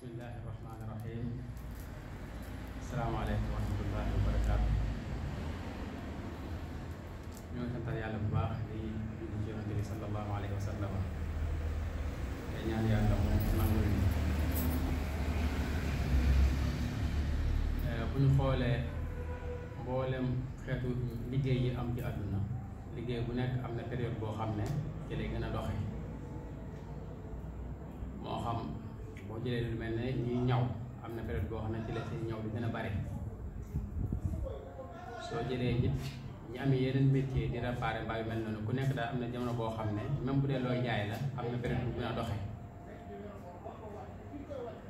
بسم الله الرحمن الرحيم السلام عليكم ورحمة الله وبركاته ñoo santal yàlla bu baax di di ci yonante bi sallallahu alayhi wa sallam day ñaan yàlla mu nangul ñu bu ñu xoolee mboolem xeetu liggéey yi am ci àdduna liggéey bu nekk am na période boo xam ne ci lay gën a doxe moo xam boo jëlee lu mel ne ñuy ñaw am na période boo xam ne ci la seen ñaw di gën a bare soo jëlee nit ñu am yeneen métier di réparer mbaa yu mel noonu ku nekk daal am na jamono boo xam ne même bu dee looy jaay la am na période bu gën a doxee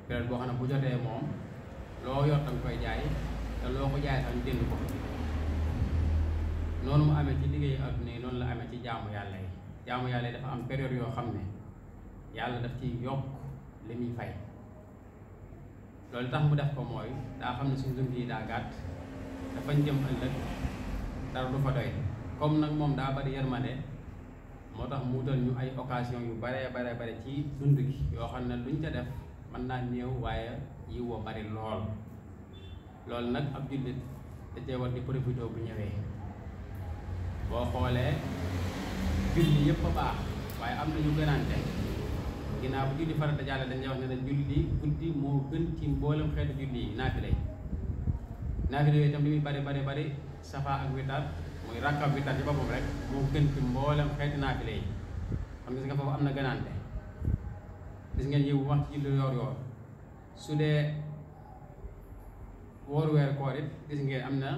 période boo xam ne bu jotee moom loo yor tam koy jaay te loo ko jaay tam jënd ko noonu mu amee ci liggéey adduna yi noonu la amee ci jaamu yàlla yi jaamu yàlla yi dafa am période yoo xam ne yàlla daf ci yokk li muy fay loolu tax mu def ko mooy daa xam ne suñu dund yi daa gàtt dafañ jëm ëllëg dara du fa doy comme nag moom daa bari yërmande moo tax mu wutal ñu ay occasion yu baree bare bare ci dund gi yoo xam ne luñ ca def mën naa néew waaye yi woo bari lool loolu nag ak jullit da cee di profité bu ñëwee boo xoolee julli yëpp baax waaye am na ñu gënante ginnaaw bu julli da jàll dañuy wax ne la julli guddi moo gën ci mboolem xeetu julli yi naafile yi naafile yooyu itam li muy bari bari bari safa ak witar muy rakka ak witar ci boppam rek moo gën ci mboolem xeeti naafile yi xam gis nga foofu am na gënaante gis ngeen yiw wax ci julli yoor yoor su dee woor weer koor gis ngeen am na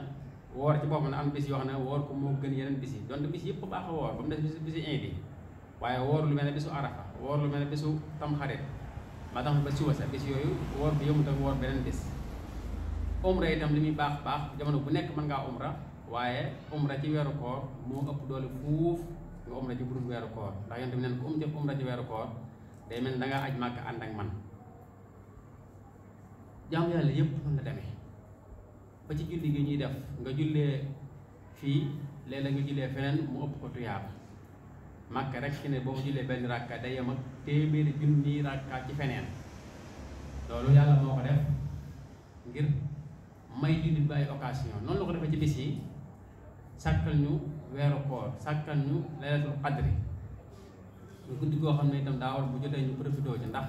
woor ci boppam na am bis yoo xam ne woor ko moo gën yeneen bis yi donte bis yëpp baax a woor ba mu woor lu mel besu bésu tam xarit maanaam ba suba sa bés yoyu woor bi yomb tam woor beneen bés umra itam ya, li muy baax baax jamono bu nekk mën ngaa umra waaye umra ci weeru koor moo ëpp doole fuuf nga umra ci budul weeru koor ndax yéen tamit neen ko um jëf umra ci weeru koor day mel da ngaa aj màkk ànd ak man jam yàlla yépp noonu la demee ba ci julli gi ñuy def nga jullee fii léeg-léeg nga jullee feneen mu ëpp ko tuyaaba màkk rek ci ne boo jullee ben rakka day yem ak téeméeri junni rakka ci fenen loolu yalla moko def ngir may di nit bàyyi occasion non la ko defee ci bis yi sàkkal ñu wéro koor sakal ñu laylatul qadr ñu gudd go xam tam itam war bu jotté ñu profitoo ci ndax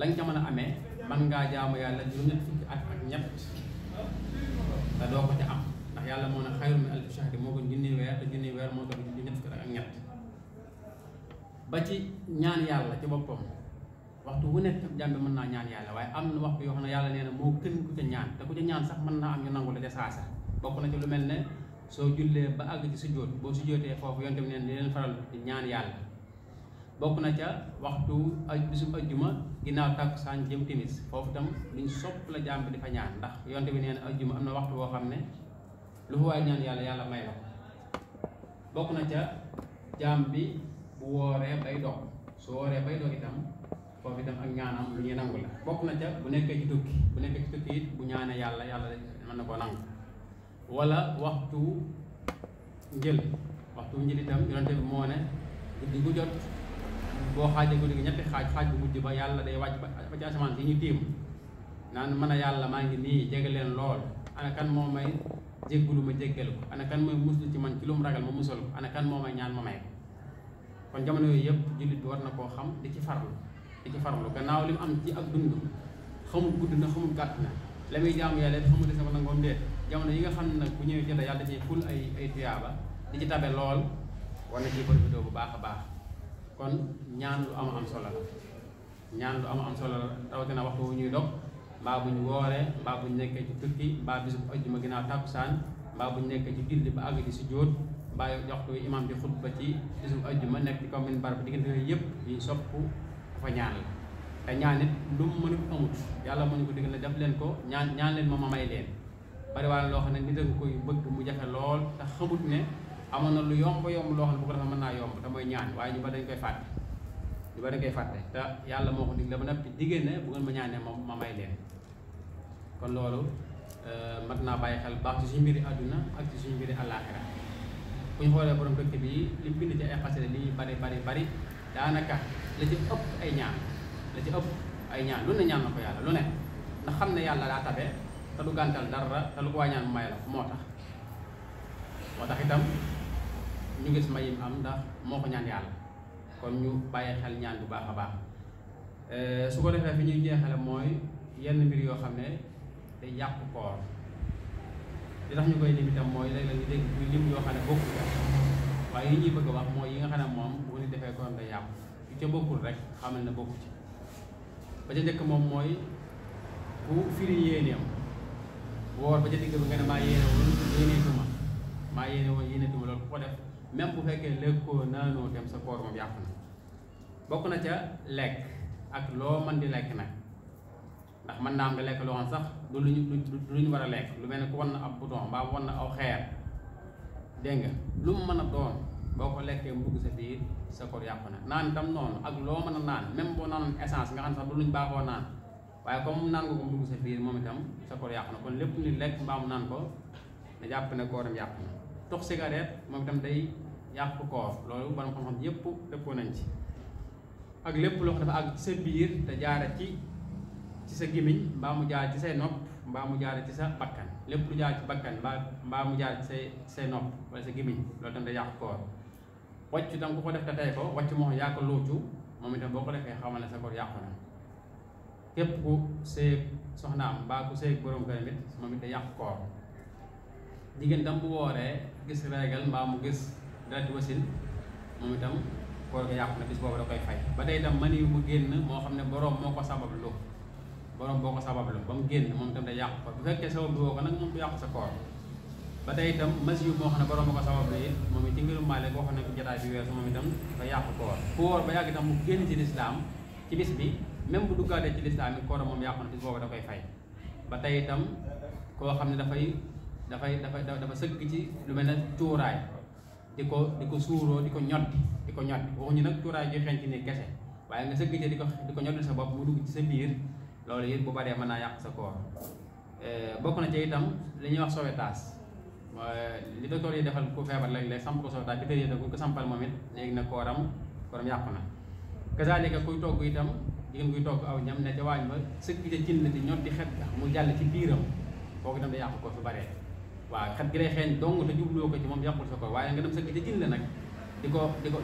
lañ ca mëna amé man nga jaamu yalla juróom ñet fukki at ak ñet da do ko ci am ndax yalla mo na xayru min alfi shahri mo ko ba ci ñaan yàlla ci boppam waxtu wu nekk jàmbi mën naa ñaan yàlla waaye am na waxtu yoo xam ne yàlla nee na moo gën ku ñaan sax mën naa am ñu nangu la ca saasa bokk na ci lu mel ne soo jullee ba àgg ci sujjóot boo sujjóotee foofu yonte bi neen di leen faral di ñaan yàlla bokk na ca waxtu ay bisub ajjuma ginnaaw tàkkusaan jëm timis foofu itam luñ la jàmb di fa ñaan ndax yonte bi nee na ajjuma waxtu boo xam ne lu fa waay ñaan yàlla yàlla may la ko bokk na ca jàmm bi wooree bay dox su wooree bay dox itam foofu itam ak ñaanam lu ñuy nangul bokku na ca bu nekk ci tukki bu nekk ci tukki bu ñaané yalla yalla man na ko nang wala waxtu ngeel waxtu ngeel itam yonente bi moo ne guddi gu jot bo xaje ko ni ñepp xaj xaj bu mujj ba yalla day wàcc ba ci asamaan di ñu tim naan man a yàlla maa ngi ni jégalen lool ana kan mo may jéggulu ma jéggel ko ana kan moy musul ci man ci lu mu ragal ma musul ko ana kan mo may ñaan ma may ko kon jamono yooyu yëpp jullit bi war na koo xam di ci farlu di ci farlu gannaaw li mu am ci ak dund xamul gudd na xamul gàtt na la muy jaamu yàlla xamul des na nangoom déet jamono yi nga xam ne nag bu ñëwee jota yàlla dafay ful ay ay tuyaaba di ci tabe lool war na ciy profité bu baax a baax kon ñaan solo ñaan lu am solo la rawatina waxtu wu ñuy dog mbaa bu ñu wooree mbaa bu ñu nekkee ci tukki mbaa bis bu ajjuma ginnaaw tàkkusaan mbaa bu ñu nekkee ci julli ba àgg ci sujjóot bàyyi jox ko imam di xutba ci bisum ajjuma nekk ci kaw min barab diggante yëpp yi sopp fa ñaan la te ñaan it lu mu mënul amut yàlla mënu ko digal ne def leen ko ñaan ñaan leen ma ma may leen bari waa loo xam ne nit a koy bëgg mu jafe lool te xamut ne amoon na lu yomb yomb loo xam bu ko defee mën yomb te mooy ñaan waaye ñu ba dañ koy fàtte ñu ba dañ koy fàtte te ba bu ngeen ma may leen kon euh, mat xel baax ci suñu mbiri ak ci suñu mbiri bu ñu xoolee borom dëkk bi li bind ci ay xasida li bari bari bari daanaka la ci ëpp ay ñaan la ci ëpp ay ñaan lu ne ñaan na ko yàlla lu ne ndax xam ne yàlla daa tabe te du gàntal dara te lu ko waa ñaan bu may la moo tax moo tax itam ñu gis mayim am ndax moo ko ñaan yàlla kon ñu bàyyee xel ñaan bu baax a baax euh, su ko defee fi ñuy jeexale mooy yenn mbir yoo xam ne day yàqu koor li tax ñu koy lim itam mooy léeg-léeg ñu dégg muy lim yoo xam ne bokkul waaye yi ñuy bëgg a wax mooy yi nga xam ne moom bu ñu defee kon day yàqu yu ca bokkul rek xamal na bokku ci ba ca njëkk moom mooy ku firi yéeneem woor ba ca digg bi nga ne maa yéene woon maa yéene woon loolu ku ko def même bu fekkee lekkoo naanoo dem sa koor moom yàqu na bokk na ca lekk ak loo mën di lekk nag ndax mën naa am nga lekk loo xam sax du lu ñu lu a lekk lu mel ne ku wan na ab bouton mbaa wan na aw xeer dégg nga lu mu mën a doon boo ko lekkee mbugg sa biir sa koor yàqu na naan tam noonu ak loo mën a naan même boo naanoon essence nga xam sax du luñ baaxoo naan waaye comme naan nga ko mbugg sa biir moom itam sa koor yàqu na kon lépp ni lekk mbaa mu naan ko na jàpp ne kooram yàqu na tux cigarette moom itam day yàq koor loolu borom xam-xam yépp nañ ci lépp xam dafa ci sa gémmiñ mbaa mu jaar ci say nopp mbaa mu jaar ci sa bakkan lépp lu jaar ci bakkan mbaa mbaa mu jaar ci say say nopp wala sa gémmiñ loolu tam da yàq koor wàcc tam ku ko def te tey ko wàcc moo yaa ko loocu moom itam boo ko defee xamal ne sa koor yàqu na képp ku sëy soxnaam mbaa ku sëy borom kër mit moom it da yàq koor jigéen tam bu wooree gis reegal mbaa mu gis deret wasin moom itam koor ga yàqu na bis boobu da koy fay ba tey itam mani mu génn moo xam ne boroom moo ko sabab lu borom boo ko sabablu ba mu génn moom itam day yàqu ko bu fekkee sabab bi woo ko nag moom du yàqu sa koor ba tey itam masiyu moo xam ne borom ba ko sabablu it moom it ci ngirum Maalik waxoon nañ ko jotaay bi weesu moom itam dafa yàqu koor ku wóor ba yàgg itam mu génn ci lislaam ci bis bi même bu moom yàqu na bis boobu da fay ba tey itam koo xam ne dafay dafay dafa dafa sëgg ci lu mel na cuuraay di ko di ko suuroo di ko ñotti di ko ñotti waxuñu nag cuuraay ji xeeñ ci ne kese waaye nga sëgg ci di ko di ko ñotti sa bopp mu dugg ci sa biir loolu it bu baree man naa yàq sa koor eh, bokk na ci itam li ñuy wax sauvetage li docteur yi defal ku feebar léeg-léeg samp ko sauvetage bi tëddee ku ko sampal moom it léegi nag kooram kooram yàqu na kasaalika kuy togg itam jigéen kuy togg aw ñam ne ca waañ ba sëkk ca cin di ñor di xet mu jàll ci biiram kooku itam da yàqu ko su baree waaw xet gi lay xeeñ dong te jubloo ko ci moom yàqul sa koor waaye nga dem sëkk ca cin la nag di ko di ko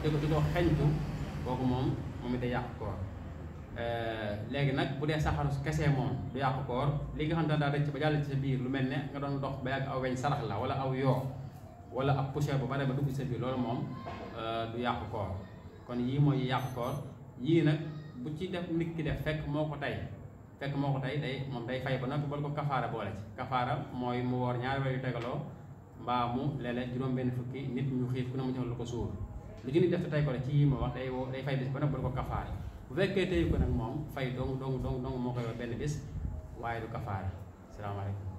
kooku moom moom it day yàq koor Euh, léegi nag bu dee saxaru kese moom du yàqu koor li nga xam ne daa rëcc ba jàll ci sa lu mel ne nga doon dox ba yàgg aw weñ sarax la wala aw yoo wala ab poussière bu bare ba dugg ci sa biir loolu moom euh, du yàqu koor kon yii mooy yi yàqu koor yii nag bu ci def nit ki def fekk moo ko tey fekk moo ko tey day moom day fay ba noppi bal ko kafaara boole ci kafaara mooy mu woor ñaari weer yu mbaa mu léeg-léeg benn fukki nit ñu xiif ku mu lu ko suur lu ci te tey ko ci yii ma day day fay bis ba bu fekkee téye ko nag moom fay dong dong dong dong moo koy wax benn bis waaye du kafaara salaamaaleykum